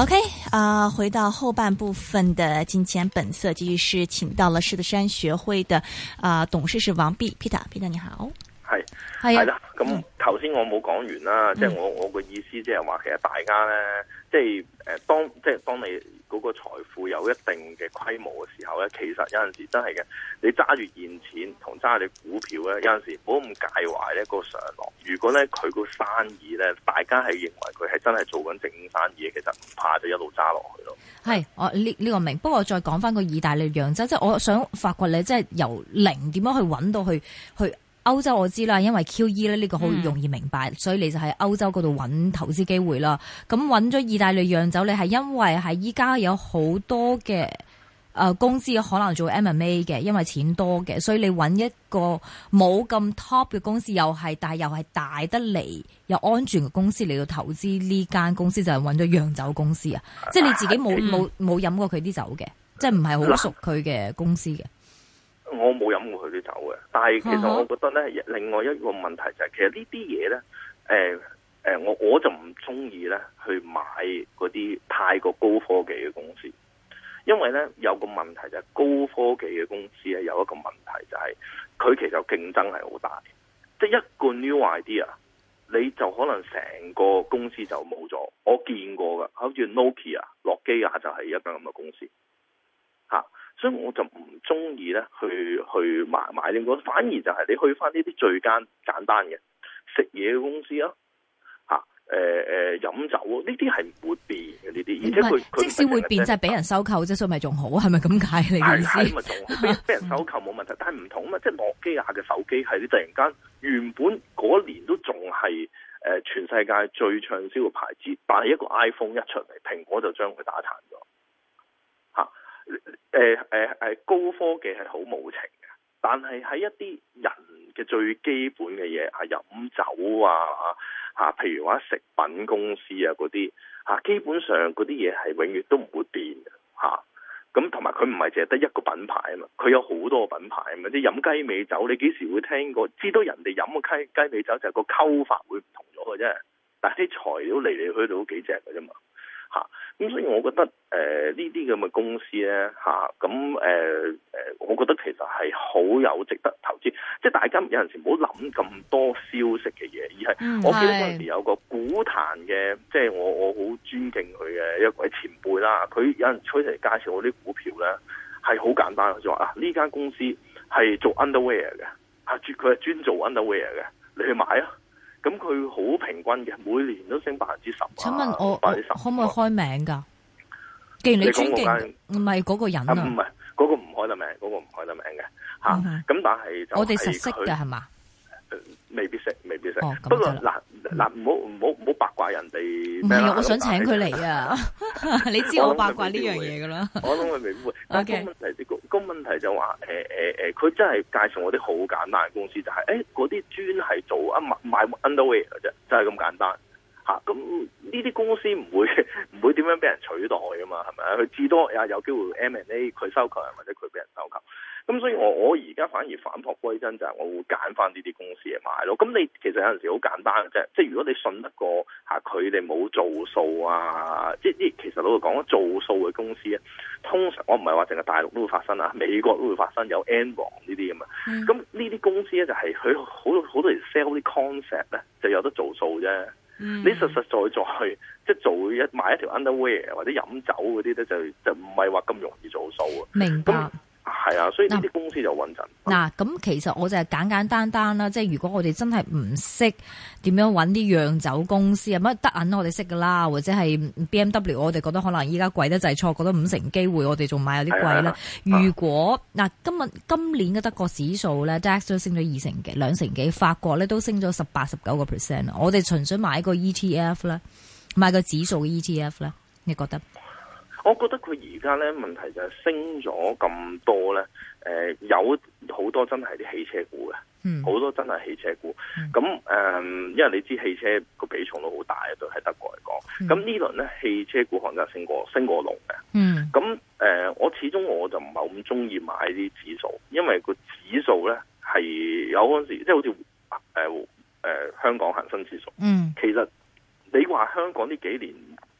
OK，啊、呃，回到後半部分的金錢本色，繼續是請到了獅子山學會的啊、呃、董事是王弼 Peter，Peter 你好。係係啦，咁頭先我冇講完啦，即係我我個意思即係話，其實大家咧，即係誒，當即係當你嗰個財富有一定嘅規模嘅時候咧，其實有陣時真係嘅，你揸住現錢同揸住股票咧，有陣時唔好咁介懷呢個上落。如果咧佢個生意咧，大家係認為佢係真係做緊正生意，其實唔怕就一路揸落去咯。係我呢呢個明，不過我再講翻個意大利洋酒，即係我想發掘你，即係由零點樣去搵到去去。歐洲我知啦，因為 QE 咧呢個好容易明白，嗯、所以你就喺歐洲嗰度揾投資機會啦。咁揾咗意大利釀酒，你係因為係依家有好多嘅誒、呃、公司可能做 M&A 嘅，因為錢多嘅，所以你揾一個冇咁 top 嘅公司，又係但係又係大得嚟又安全嘅公司嚟到投資呢間公司，就係揾咗釀酒公司啊！即係你自己冇冇冇飲過佢啲酒嘅，即係唔係好熟佢嘅公司嘅？我冇飲過。走嘅，但係其實我覺得咧，另外一個問題就係、是，其實這些東西呢啲嘢咧，誒、欸、誒，我我就唔中意咧去買嗰啲太過高科技嘅公司，因為咧有個問題就係，高科技嘅公司咧有一個問題就係、就是，佢其實競爭係好大，即係一個 new idea，你就可能成個公司就冇咗。我見過噶，好似 Nokia 諾基亞就係一間咁嘅公司，吓、啊！所以我就唔中意咧，去去買買呢個，反而就係你去翻呢啲最簡簡單嘅食嘢嘅公司啊，嚇誒誒飲酒呢啲係唔會變嘅呢啲，而且佢即使會變，就係俾人收購啫，所以咪仲好，係咪咁解嚟嘅意思？係咁啊，仲俾俾人收購冇問題， 但係唔同啊嘛，即係諾基亞嘅手機係啲突然間原本嗰年都仲係誒全世界最暢銷嘅牌子，但係一個 iPhone 一出嚟，蘋果就將佢打殘咗。誒誒誒，高科技係好無情嘅，但係喺一啲人嘅最基本嘅嘢，係飲酒啊，吓，譬如話食品公司啊嗰啲，吓，基本上嗰啲嘢係永遠都唔會變嘅，吓、啊，咁同埋佢唔係淨係得一個品牌啊嘛，佢有好多品牌啊嘛，即係飲雞尾酒你幾時會聽過？知道人哋飲嘅雞雞尾酒就係個溝法會唔同咗嘅啫，但係啲材料嚟嚟去去都幾正嘅啫嘛。嚇，咁、啊、所以我覺得，誒呢啲咁嘅公司咧，嚇、啊，咁誒誒，我覺得其實係好有值得投資。即、就、係、是、大家有陣時唔好諗咁多消息嘅嘢，而係我記得有時有個股壇嘅，即、就、係、是、我我好尊敬佢嘅一位前輩啦。佢有人出嚟介紹我啲股票咧，係好簡單的，佢就話啊呢間公司係做 underwear 嘅，啊專佢係專做 underwear 嘅，你去買啊！咁佢好平均嘅，每年都升百分之十。啊、請問我，我，、啊、我可唔可以開名噶？既然你尊敬唔係嗰個人啊，唔係嗰個唔開得名，嗰、嗰個唔開得名嘅吓。咁、啊 mm hmm. 但係我哋實識㗎，係嘛他？未必食，未必食。不過嗱嗱，唔好唔好唔好八卦人哋。唔是我想請佢嚟啊！ 你知我八卦呢樣嘢噶啦。 我諗佢未必會， 但個問題，個個問題就話，誒誒誒，佢、呃、真係介紹我啲好簡單嘅公司，就係誒嗰啲專係做買賣 underwear 嘅啫，真係咁簡單。吓、啊，咁呢啲公司唔會唔會點樣俾人取代噶嘛？係咪啊？佢至多有有機會 M&A 佢收購，或者佢俾人收購。咁、嗯、所以我我而家反而返璞歸真就係我會揀翻呢啲公司嚟買咯。咁你其實有陣時好簡單嘅啫，即係如果你信得過嚇佢哋冇做數啊，即係呢其實老實講，做數嘅公司咧，通常我唔係話淨係大陸都會發生啊，美國都會發生有 N 王呢啲咁啊。咁呢啲公司咧就係佢好好多人 sell 啲 concept 咧就有得做數啫。嗯、你實實在在即係做一買一條 underwear 或者飲酒嗰啲咧，就就唔係話咁容易做數啊。明白。係啊，所以呢啲公司就穩陣。嗱，咁其實我就係簡簡單單啦，即係如果我哋真係唔識點樣揾啲釀酒公司啊，乜德銀我哋識噶啦，或者係 BMW，我哋覺得可能依家貴得滯，錯覺得五成機會，我哋仲買有啲貴啦。啊、如果嗱，今日、啊、今年嘅德國指數咧，DAX 都升咗二成幾、兩成幾，法國咧都升咗十八、十九個 percent。我哋純粹買個 ETF 呢，買個指數嘅 ETF 呢，你覺得？我覺得佢而家咧，問題就係升咗咁多咧，誒、呃、有好多真係啲汽車股嘅，好多真係汽車股。咁誒，因為你知汽車個比重都好大，對喺德國嚟講。咁、嗯、呢輪咧，汽車股行情升過，升過龍嘅。嗯。咁誒、呃，我始終我就唔係咁中意買啲指數，因為個指數咧係有嗰時，即係好似誒誒香港恒生指數。嗯。其實你話香港呢幾年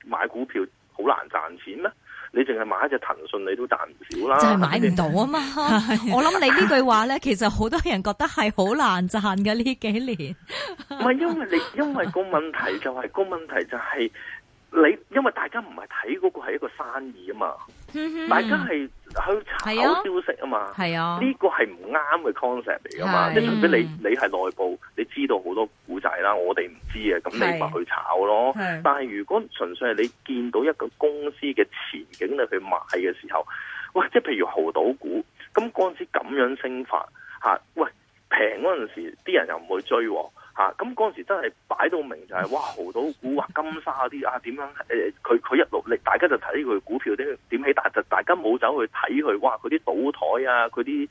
買股票？.好難賺錢咩？你淨係買一隻騰訊，你都賺唔少啦。就係買唔到啊嘛！ 我諗你呢句話咧， 其實好多人覺得係好難賺嘅呢幾年。唔 係因為你，因為個問題就係、是、 個問題就係、是。你因為大家唔係睇嗰個係一個生意啊嘛，大家係去炒消息啊嘛，呢、啊啊、個係唔啱嘅 concept 嚟啊嘛，即係除非你、嗯、你係內部，你知道好多股仔啦，我哋唔知啊，咁你咪去炒咯。但係如果純粹係你見到一個公司嘅前景你去買嘅時候，喂，即係譬如豪賭股，咁陣時咁樣升發吓，喂平嗰陣時啲人又唔會追。啊！咁嗰時時真係擺到明、就是，就係哇豪賭股啊，金沙啲啊點樣？佢、呃、佢一落力，大家就睇佢股票點點起，大就，就大家冇走去睇佢。哇！佢啲賭枱啊，佢啲誒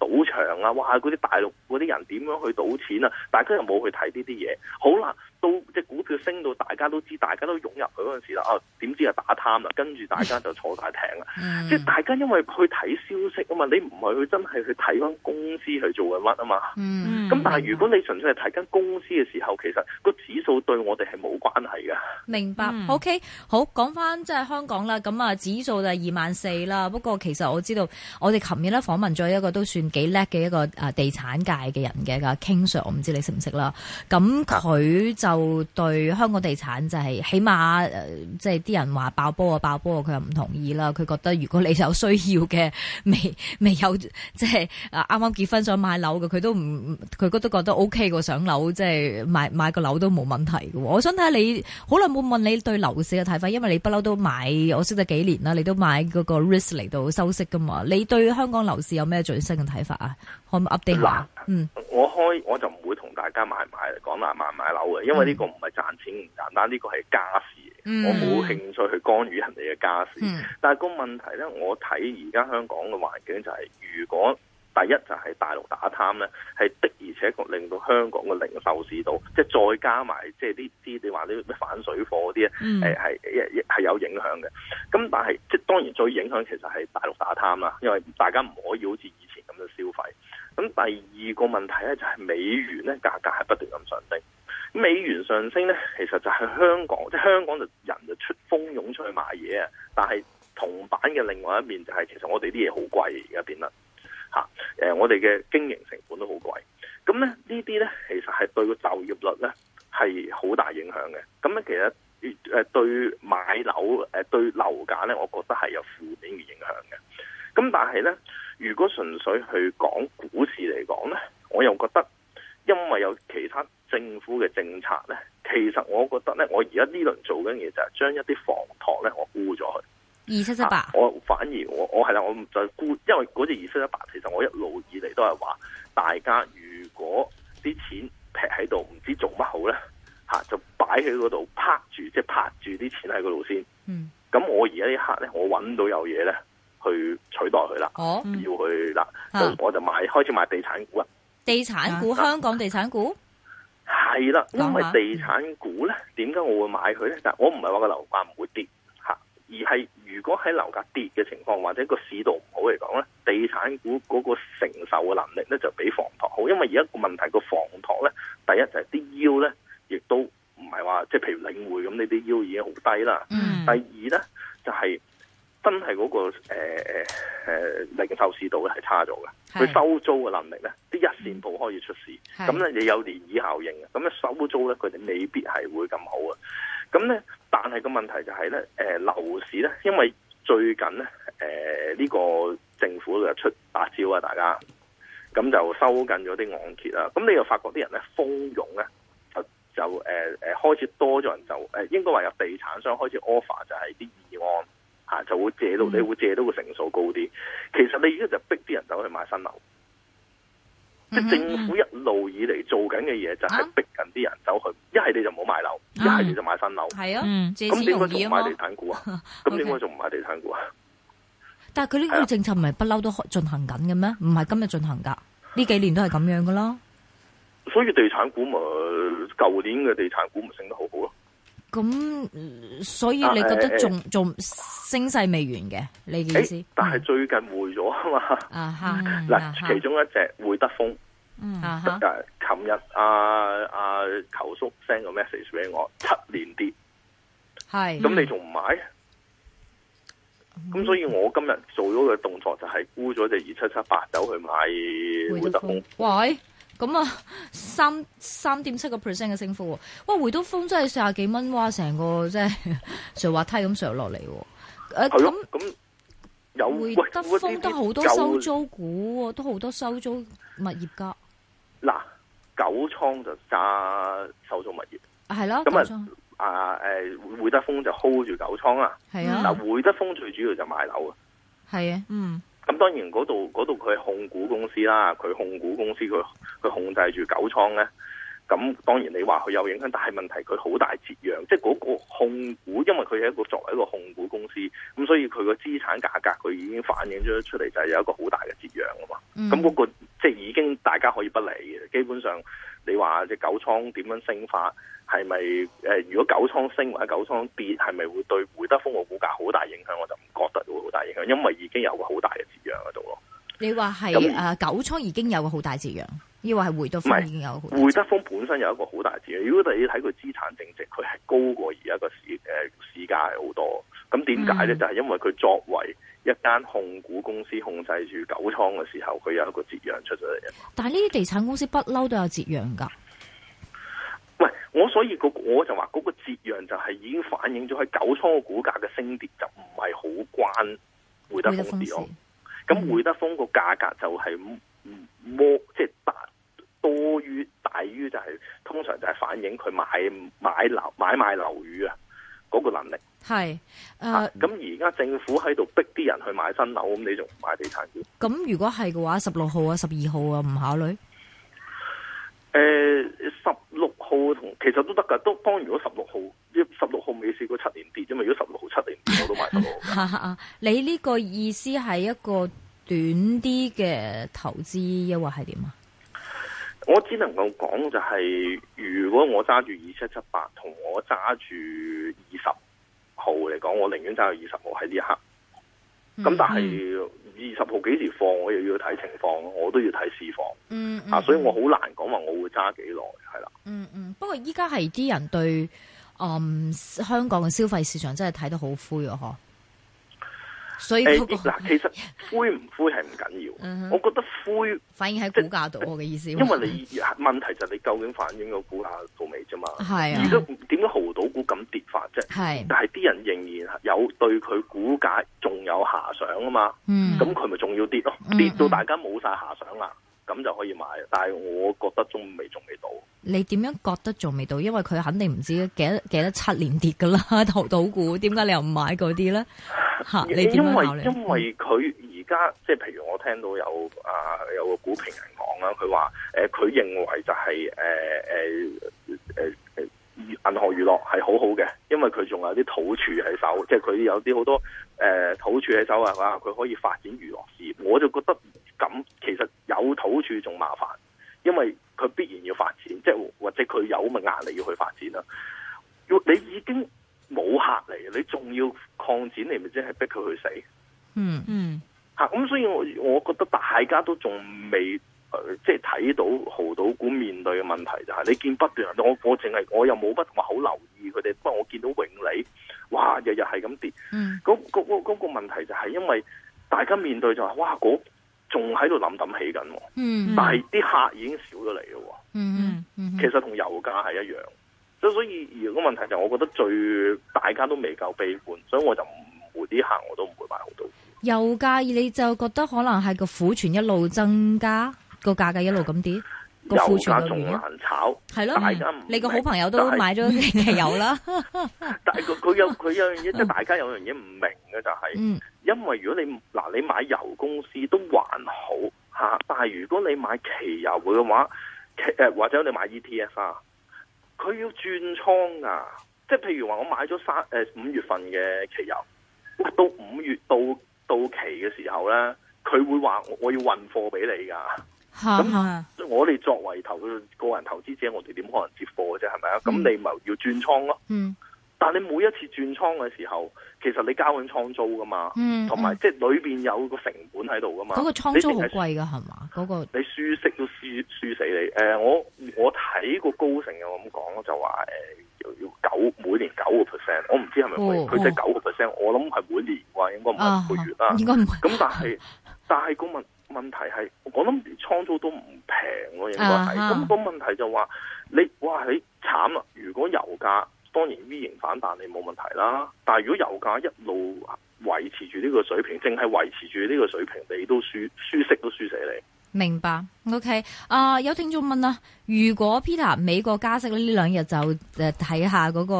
賭場啊，哇！嗰啲大陸嗰啲人點樣去賭錢啊？大家又冇去睇呢啲嘢，好啦。都即係股票升到大家都知，大家都湧入去嗰陣時啦。啊點知啊打貪啦，跟住大家就坐大艇啦。嗯、即係大家因為去睇消息啊嘛，你唔係去真係去睇翻公司去做緊乜啊嘛。咁、嗯、但係如果你純粹係睇緊公司嘅時候，嗯、其實個指數對我哋係冇關係嘅。明白。嗯、o、okay, K，好講翻即係香港啦。咁啊，指數就係二萬四啦。不過其實我知道，我哋琴日咧訪問咗一個都算幾叻嘅一個地產界嘅人嘅阿傾 Sir，我唔知你識唔識啦。咁佢就。就對香港地產就係起碼，即係啲人話爆波啊爆波啊，佢又唔同意啦。佢覺得如果你有需要嘅，未未有即係啱啱結婚想買樓嘅，佢都唔佢覺得覺得 O K 過。上樓即係、就是、買，買個樓都冇問題嘅。我想睇下你好耐冇問你對樓市嘅睇法，因為你不嬲都買我識得幾年啦，你都買嗰個 risk 嚟到收息㗎嘛。你對香港樓市有咩最新嘅睇法啊？可唔可以 update 下？嗯、mm.，我開我就唔會同大家買買講啦買買樓嘅，因為呢個唔係賺錢，唔簡單，呢個係家事。我冇興趣去干預人哋嘅家事。Mm. 但係個問題咧，我睇而家香港嘅環境就係、是，如果第一就係大陸打貪咧，係的而且確令到香港嘅零售市道，即、就、係、是、再加埋，即係呢啲你話啲咩反水貨嗰啲咧，係一係有影響嘅。咁但係即係當然最影響其實係大陸打貪啦，因為大家唔可以好似以前咁樣消費。咁第二個問題咧就係、是、美元咧價格係不斷咁上升，美元上升咧其實就係香港，即係香港就人就出蜂擁出去買嘢啊！但係銅板嘅另外一面就係、是，其實我哋啲嘢好貴而家變啦，吓誒，我哋嘅經營成本都好貴，咁咧呢啲咧其實係對個就業率咧係好大影響嘅。咁咧其實誒對買樓誒對樓價咧，我覺得係有負面嘅影響嘅。咁但係咧。如果純粹去講股市嚟講咧，我又覺得，因為有其他政府嘅政策咧，其實我覺得咧，我而家呢輪做緊嘢就係將一啲房託咧，我沽咗去二七七八。我反而我我係啦，我唔就沽，因為嗰隻二七七八，其實我一路以嚟都係話，大家如果啲錢劈喺度，唔知做乜好咧，吓、啊、就擺喺嗰度拍住，即、就、係、是、拍住啲錢喺嗰度先。嗯。咁我而家呢一刻咧，我搵到有嘢咧。去取代佢啦，哦、要去啦，咁我就買、啊、開始買地產股啦。地產股，啊、香港地產股係啦，因為的、嗯、地產股咧，點解我會買佢咧？但、就、係、是、我唔係話個樓價唔會跌吓、啊，而係如果喺樓價跌嘅情況，或者個市道唔好嚟講咧，地產股嗰個承受嘅能力咧就比房託好。因為而家個問題，個房託咧，第一就係啲腰咧，亦都唔係話即係譬如領匯咁，呢啲腰已經好低啦。嗯。第二咧就係、是。真係嗰個誒誒誒零售市道咧係差咗嘅，佢收租嘅能力咧，啲一線鋪開始出事，咁咧亦有漣漪效應嘅，咁咧收租咧佢哋未必係會咁好啊。咁咧，但係個問題就係咧，誒、呃、樓市咧，因為最近咧，誒、呃、呢、這個政府又出八招啊，大家咁就收緊咗啲按揭啦，咁你又發覺啲人咧蜂擁咧就就誒誒、呃、開始多咗人就誒，應該話有地產商開始 offer 就係啲二按。就會借到你，你、嗯、會借到個成數高啲。其實你而家就逼啲人走去買新樓，即、嗯、政府一路以嚟做緊嘅嘢，就係逼緊啲人走去。一係、啊、你就唔好買樓，一係、嗯、你就買新樓。係、嗯、啊，咁點解仲唔買地產股啊？咁點解仲唔買地產股啊？ Okay. 但係佢呢個政策唔係不嬲都進行緊嘅咩？唔係今日進行㗎，呢 幾年都係咁樣嘅咯。所以地產股咪舊年嘅地產股咪升得好好咯。咁、嗯、所以你覺得仲仲升勢未完嘅？你點意思？但係最近回咗啊嘛。嗱、嗯，啊、其中一隻會、啊、德豐，嗯，啊哈。琴日阿阿球叔 send 個 message 俾我，七年跌，係、嗯。咁你仲唔買？咁、嗯、所以我今日做咗個動作，就係沽咗隻二七七八走去買會德豐。喂！咁呀啊，三三點七個 percent 嘅升幅喎，哇那！有匯德豐真係四十幾蚊哇，成個即係上滑梯咁上落嚟喎。誒咁，匯德豐都好多收租股喎，都好多收租物業噶。嗱，九倉就揸收租物業，係咯。咁啊啊誒，匯德豐就 hold 住九倉啊。係啊。嗱，匯德豐最主要就買樓啊。係啊，嗯。咁當然嗰度嗰度佢控股公司啦，佢控股公司佢佢控制住九倉咧。咁當然你話佢有影響，但係問題佢好大折讓，即係嗰個控股，因為佢係一個作為一個控股公司，咁所以佢個資產價格佢已經反映咗出嚟，就係有一個好大嘅折讓啊嘛。咁嗰、嗯嗰個即係已經大家可以不理嘅，基本上。你話隻九倉點樣升法？係咪？誒，如果九倉升或者九倉跌，係咪會對匯德豐嘅股價好大影響？我就唔覺得會好大影響，因為已經有個好大嘅折讓喺度咯。你話係誒九倉已經有個好大折讓，亦話係匯德豐已經有匯德豐本身有一個好大折讓。如果你睇佢資產淨值，佢係高過而家個市誒、呃、市價好多。咁點解咧？嗯、就係因為佢作為。一間控股公司控制住九倉嘅時候，佢有一個折讓出咗嚟。但係呢啲地產公司不嬲都有折讓噶。喂，我所以，嗰個我就話嗰個折讓就係已經反映咗喺九倉嘅股價嘅升跌，就唔係好關匯德豐啲哦。咁匯德豐個價格就係即係多多於大於就係、是、通常就係反映佢買買，買，買買樓買賣樓宇啊。嗰個能力係，誒，咁而家政府喺度逼啲人去買新樓，咁你仲唔買地產業？咁如果係嘅話，十六號啊，十二號啊，唔考慮。誒、呃，十六號同其實都得噶，都當如果十六號，十六號未試過七年跌啫嘛。如果十六號七年跌，我都買得落。 你呢個意思係一個短啲嘅投資抑或係點啊？我只能夠講就係、是，如果我揸住二七七八。揸住二十號嚟講，我寧願揸到二十號喺呢一刻。咁、嗯嗯、但係二十號幾時放，我又要睇情況，我都要睇市況。嗯，嗯，嗯啊，所以我好難講話我會揸幾耐，係啦。嗯嗯，不過依家係啲人對，嗯香港嘅消費市場真係睇得好灰啊，嗬。所以嗱、呃，其實灰唔灰係唔緊要緊，嗯、哼我覺得灰反映喺股價度，我嘅意思。因為你 問題就係你究竟反映個股價到未啫嘛？係、啊、而家點解濠賭股咁跌法啫？係是但係啲人仍然有對佢股價仲有遐想啊嘛？嗯，咁佢咪仲要跌咯？跌到大家冇晒遐想啦，咁、嗯嗯嗯、就可以買。但係我覺得仲未，仲未到。你點樣覺得仲未到？因為佢肯定唔知幾多幾多七年跌㗎啦，濠賭股，點解你又唔買嗰啲咧？嚇、啊！你點樣講咧？因為因為佢而家即係譬如我聽到有啊有個股評人講啦，佢話誒佢認為就係誒誒誒誒銀河娛樂係好好嘅，因為佢仲有啲土儲喺手，即係佢有啲好多誒、呃、土儲喺手啊嘛，佢可以發展娛樂事業。我就覺得咁其實有土儲仲麻煩，因為佢必然要發。即係或者佢有咪壓力要去發展啦？你已經冇客嚟，你仲要擴展你咪即係逼佢去死？嗯嗯，吓、嗯、咁、啊嗯，所以我我覺得大家都仲未、呃、即係睇到豪賭股面對嘅問題就係，你見不斷，我我淨係我又冇乜我好留意佢哋，不過我見到永利，哇日日係咁跌，嗰嗰嗰嗰個問題就係因為大家面對就係、是、哇仲喺度揼揼起緊，嗯，但係啲客已經少咗嚟咯。嗯嗯，其實同油價係一樣，所所以如果問題就，我覺得最大家都未夠悲觀，所以我就唔會啲行，我都唔會買好多。油價，你就覺得可能係個庫存一路增加，個價格一路咁跌，個庫存仲難炒。係咯了，大家你個好朋友都買咗期油啦。 但係佢佢有佢有一樣嘢，即係 大家有樣嘢唔明嘅就係、是，嗯、因為如果你嗱你買油公司都還好吓，但係如果你買期油嘅話。誒，或者你買 ETF 啊，佢要轉倉啊。即係譬如話我買咗三誒五月份嘅期油，到五月到到期嘅時候咧，佢會話我要運貨俾你噶，咁 我哋作為投個人投資者，我哋點可能接貨啫，係咪啊？咁你咪要轉倉咯。 但你每一次轉倉嘅時候，其實你交緊倉租噶嘛，同埋即係裏邊有，裡面有個成本喺度噶嘛。嗰個倉租好貴噶係嘛？嗰你、那個、你輸蝕都輸輸，輸死你。誒、呃，我我睇個高盛嘅，我咁講就話誒要九每年九個 percent。我唔知係咪佢佢只九個 percent。我諗係每年啩，應該唔係每月啦。應該唔係。咁但係但係個問問題係，我諗倉租都唔平喎，應該係。咁個問題就話、是、你哇，你慘啦！如果油價。當然 V 型反彈你冇問題啦，但係如果油價一路維持住呢個水平，淨係維持住呢個水平，你都輸，輸息都輸死你。明白？OK 啊，有聽眾問啦、啊，如果 Peter 美國加息，呢兩日就誒睇下嗰個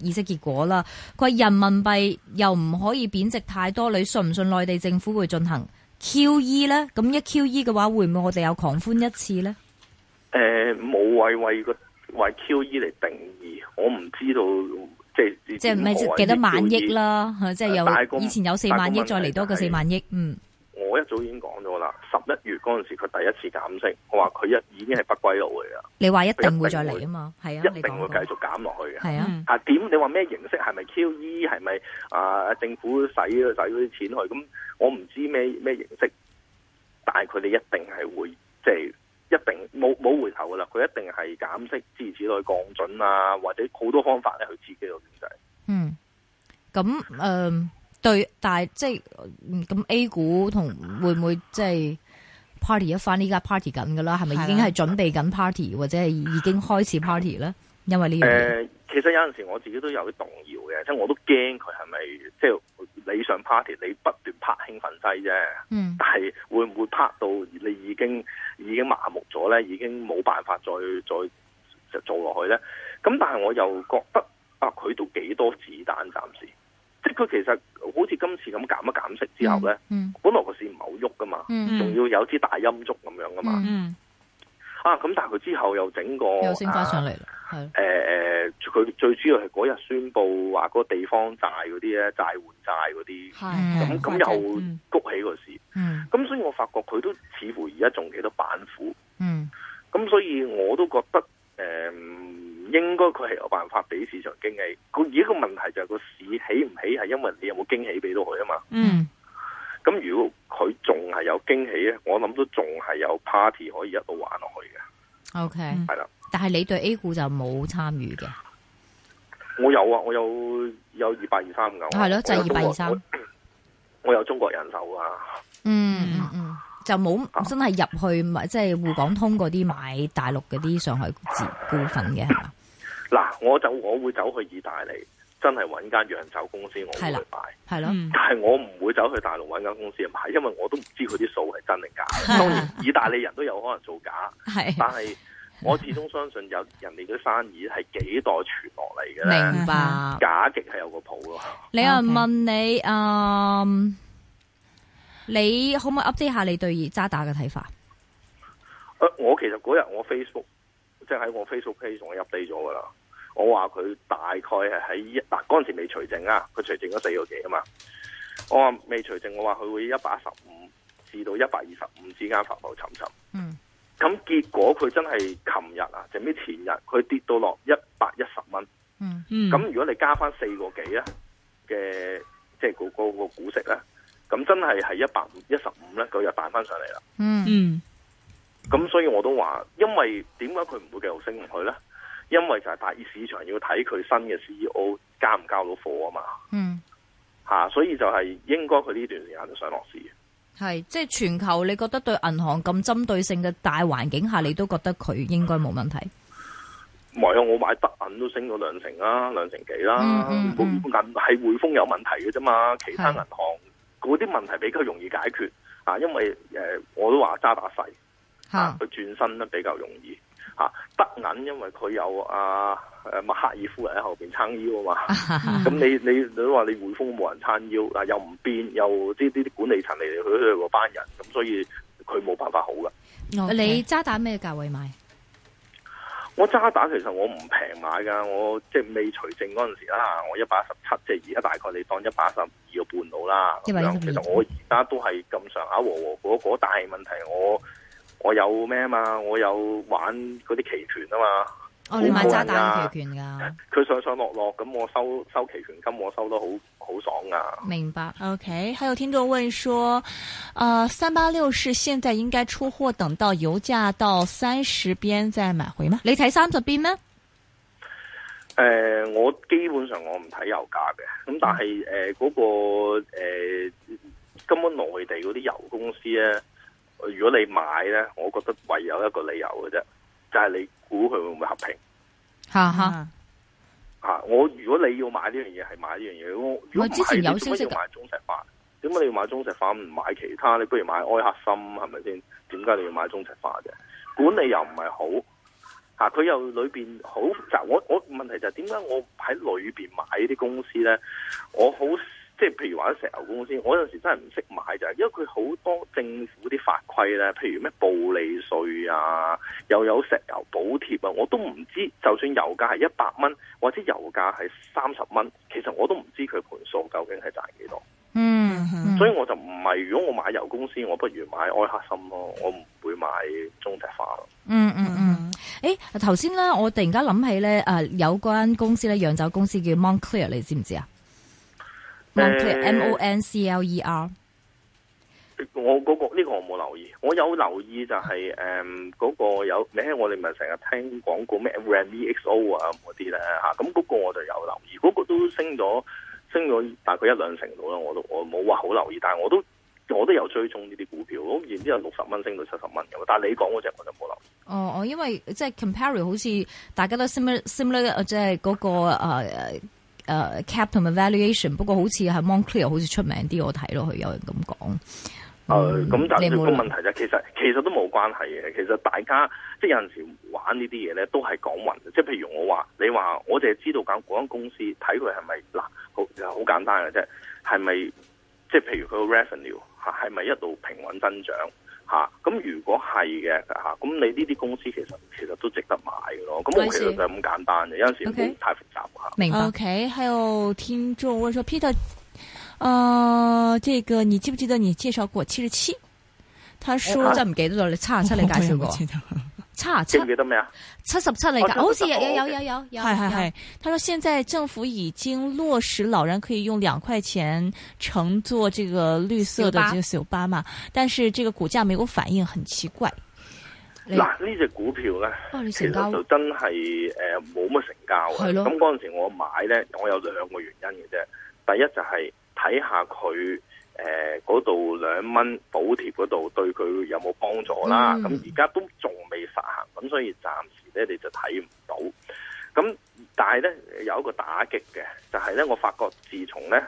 議息結果啦，佢話人民幣又唔可以貶值太多，你信唔信內地政府會進行 QE 呢？咁一 QE 嘅話，會唔會我哋又狂歡一次呢？誒、呃，冇謂謂為 QE 嚟定義，我唔知道即係即係唔係幾多萬億啦，即係有以前有四萬億，再嚟多個四萬億。嗯，我一早已經講咗啦，十一月嗰陣時佢第一次減息，嗯、我話佢一已經係不歸路嚟啦。你話一定會再嚟啊嘛？係啊，一定會繼續減落去嘅。係啊，係啊點？你話咩形式？係咪 QE？係咪啊？政府使使啲錢去？咁我唔知咩咩形式，但係佢哋一定係會即係。一定冇冇回頭噶啦，佢一定係減息、支持佢降準啊，或者好多方法咧去刺激個經濟。嗯，咁誒、呃、對，但係即係咁 A 股同會唔會即係 party 一翻？呢家 party 緊噶啦，係咪已經係準備緊 party、啊、或者係已經開始 party 咧？因為呢誒、呃，其實有陣時我自己都有啲動搖嘅，即係我都驚佢係咪即係理想 party，你不斷拍興奮劑啫。嗯、但係會唔會拍到你已經？已經麻木咗咧，已經冇辦法再再做落去咧。咁但係我又覺得啊，佢都幾多子彈，暫時即係佢其實好似今次咁減一減息之後咧，嗯嗯、本來個市唔係好喐噶嘛，仲、嗯嗯、要有一支大陰燭咁樣噶嘛。嗯嗯啊！咁但係佢之後又整個又升翻上嚟，係誒誒，佢、呃、最主要係嗰日宣布話嗰個地方債嗰啲咧，債換債嗰啲，咁咁的、嗯、又谷起個市嗯，咁、嗯、所以我發覺佢都似乎而家仲幾多板斧，嗯，咁所以我都覺得誒、嗯，應該佢係有辦法俾市場驚喜。佢而家個問題就係個市起唔起，係因為你有冇驚喜俾到佢啊嘛。嗯咁如果佢仲係有驚喜咧，我諗都仲係有 party 可以一路玩落去嘅。O K，係啦，但係你對 A 股就冇參與嘅。我有啊，我有有二百二三九，係咯，就二百二三。我有中國人壽啊。嗯嗯嗯，就冇真係入去、啊、即係滬港通嗰啲買大陸嗰啲上海股股份嘅係嘛？嗱、啊，我走，我會走去意大利。真係揾間釀酒公司我會買，係咯，但係我唔會走去大陸揾間公司去買，因為我都唔知佢啲數係真定假的。 當然，意大利人都有可能做假，係的，但係我始終相信有人哋啲生意係幾代傳落嚟嘅明白？假極係有個譜咯。你有人問你，嗯，嗯你可唔可以 update 下你對渣打嘅睇法？誒、呃，我其實嗰日我 Facebook 即係喺我 Facebook page a update 咗噶啦。我話佢大概係喺一嗱嗰陣時未除淨啊，佢除淨咗四個幾啊嘛。我話未除淨，我話佢會一百一十五至125，嗯就是，到一百二十五之間浮浮沉沉。嗯，咁結果佢真係琴日啊，甚至前日佢跌到落一百一十蚊。嗯嗯，咁如果你加翻四個幾咧嘅，即係嗰嗰個股息咧，咁真係係一百一十五咧嗰日彈翻上嚟啦。嗯，咁所以我都話，因為點解佢唔會繼續升唔去咧？因為就係大市市場要睇佢新嘅 CEO 交唔交到貨啊嘛，嗯，吓、啊，所以就係應該佢呢段時間就上落市。係，即係全球你覺得對銀行咁針對性嘅大環境下，你都覺得佢應該冇問題。唔係啊，我買德銀都升咗兩成啦，兩成幾啦。銀係匯豐有問題嘅啫嘛，其他銀行嗰啲是問題比較容易解決啊，因為誒、呃、我都話揸大細吓，佢、啊、轉身都比較容易。嗯啊吓得銀，銀因為佢有阿、啊、誒、啊、麥克爾夫人喺後邊撐腰啊嘛。咁 你你你都話你匯豐冇人撐腰，嗱又唔變，又啲啲啲管理層嚟嚟去去嗰班人，咁所以佢冇辦法好噶。哦嗯、你渣打咩價位買？我渣打其實我唔平買噶，我即係未除淨嗰陣時啦，我一百一十七，即係而家大概你當一百一十二個半到啦。咁其實我而家都係咁上下和和嗰嗰，但、啊、係、啊啊、問題我。我有咩嘛？我有玩嗰啲期權啊嘛！哦，你買炸彈期權㗎？佢、啊、上上落落，咁我收收期權金，我收得好好爽㗎。明白，OK。還有聽眾問說，誒、呃，三八六是現在應該出貨，等到油價到三十邊再買回嗎？你睇三十邊咩？誒、呃，我基本上我唔睇油價嘅，咁但係誒嗰個誒、呃，根本內地嗰啲油公司咧。如果你買呢，我覺得唯有一個理由嘅啫，就係、是、你估佢會唔會合平？吓、 嗯！我如果你要買呢樣嘢，係買呢樣嘢。我果之前有消息你要,點解你要買中石化？點解你要買中石化？唔買其他，你不如買埃克森，係咪先？點解你要買中石化啫？管理又唔係好吓，佢又裏邊好複雜。我我問題就係點解我喺裏邊買呢啲公司呢？我好。即係譬如話石油公司，我有陣時真係唔識買就係，因為佢好多政府啲法規咧，譬如咩暴利稅啊，又有石油補貼啊，我都唔知，就算油價係一百蚊或者油價係三十蚊，其實我都唔知佢盤數究竟係賺幾多嗯。嗯，所以我就唔係，如果我買油公司，我不如買埃克森咯，我唔會買中石化咯，嗯。嗯嗯嗯。誒，欸，頭先咧，我突然間諗起咧，誒有關公司咧，釀酒公司叫 Moncler 你知唔知啊？Moncler、呃 e、我嗰，那個呢、這個我冇留意，我有留意就係誒嗰個有你喺我哋咪成日聽廣告咩 Van V X O 啊嗰啲咧吓，咁、那、嗰個我就有留意，嗰，那個都升咗升咗大概一兩成度啦，我都我冇話好留意，但係我都我都有追蹤呢啲股票，咁然之後六十蚊升到七十蚊咁，但係你講嗰隻我就冇留意。哦，我因為即係 compare 好似大家都 similar 即係嗰，那個誒。呃誒 cap 同埋 valuation，不過好似係 Moncler 好似出名啲，我睇落去有人咁講。誒、嗯，咁你冇個問題就其實其實都冇關係嘅。其實大家即係有陣時候玩呢啲嘢咧，都係講運，即係譬如我話你話，我就係知道揀嗰間公司，睇佢係咪嗱，好好簡單嘅啫。係咪即係譬如佢個 revenue 嚇，係咪一路平穩增長？吓，咁、啊、如果係嘅吓，咁、啊、你呢啲公司其實其實都值得買嘅咯。咁我其實就咁簡單嘅，是有陣時唔好太複雜吓。Okay. 明白。OK，還有聽眾問說，Peter，呃，這個你記不，欸、不記得、欸、你介紹過2778？他說：真唔記得咗，2778你介紹過。差，你記得咩啊？七十七嚟噶，好似有有有有有。係係係，佢話現在政府已經落實老人可以用兩塊錢乘坐這個綠色嘅這個小巴嘛，但是這個股價沒有反應，很奇怪。嗱呢隻股票咧，成交就真係誒冇乜成交嘅。係咯。咁嗰陣時我買咧，我有兩個原因嘅啫。第一就係睇下佢。誒，嗰度兩蚊補貼嗰度對佢有冇幫助啦？咁而家都仲未實行，咁所以暫時咧，你就睇唔到。咁但係咧有一個打擊嘅，就係、是、咧我發覺自從咧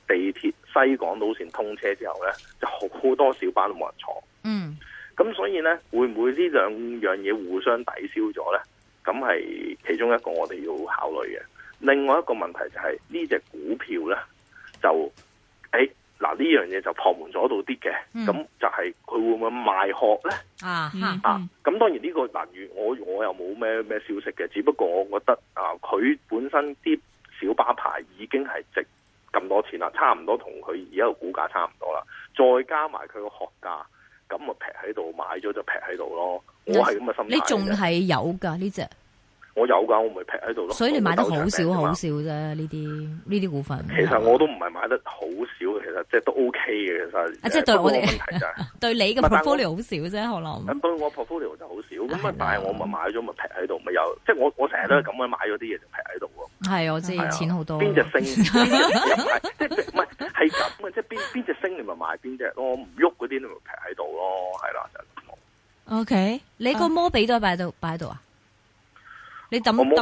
誒地鐵西港島線通車之後咧，就好多小巴都冇人坐。嗯、mm，咁、hmm。所以咧會唔會呢兩樣嘢互相抵消咗咧？咁係其中一個我哋要考慮嘅。另外一個問題就係呢隻股票咧就誒。欸嗱呢、啊、樣嘢就破門咗到啲嘅。咁、嗯、就係佢會唔會賣殼咧？啊啊！咁當然呢個難如我我又冇咩咩消息嘅，只不過我覺得啊，佢本身啲小巴牌已經係值咁多錢啦，差唔多同佢而家個股價差唔多啦，再加埋佢個殼價，咁咪劈喺度買咗就劈喺度咯。我係咁嘅心態。你仲係有㗎呢隻？這個我有噶，我咪劈喺度咯。所以你買得好少，好少啫，呢啲呢啲股份。其實我都唔係買得好少，嘅，其實即係都 OK 嘅，其實。即係對我哋問題對你嘅 portfolio 好少啫，可能。咁，對我 portfolio 就好少，咁啊，但係我咪買咗咪劈喺度，咪有，即係我我成日都係咁樣買咗啲嘢就劈喺度喎。係，我知，錢好多。邊隻升？即係唔係係咁啊？即係邊邊隻升，你咪買邊隻咯？我唔喐嗰啲你咪劈喺度咯，係啦就咁咯。OK，你個摩比都擺喺度，擺喺度啊？你等等都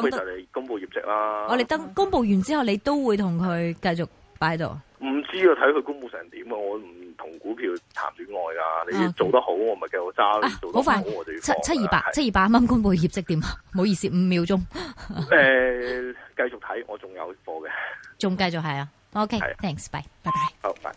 公布業績啦，我哋，哦、等公布完之後，你都會同佢繼續擺喺度？唔知啊，睇佢公布成點啊？我唔同股票談戀愛㗎。你做得好，我咪繼續揸。啊、好快，啊、七七二八，是七二八蚊公布業績點啊？ 唔好意思，五秒鐘。誒， 呃，繼續睇，我仲有貨嘅。仲繼續係啊，OK，Thanks，Bye，拜拜，好，拜。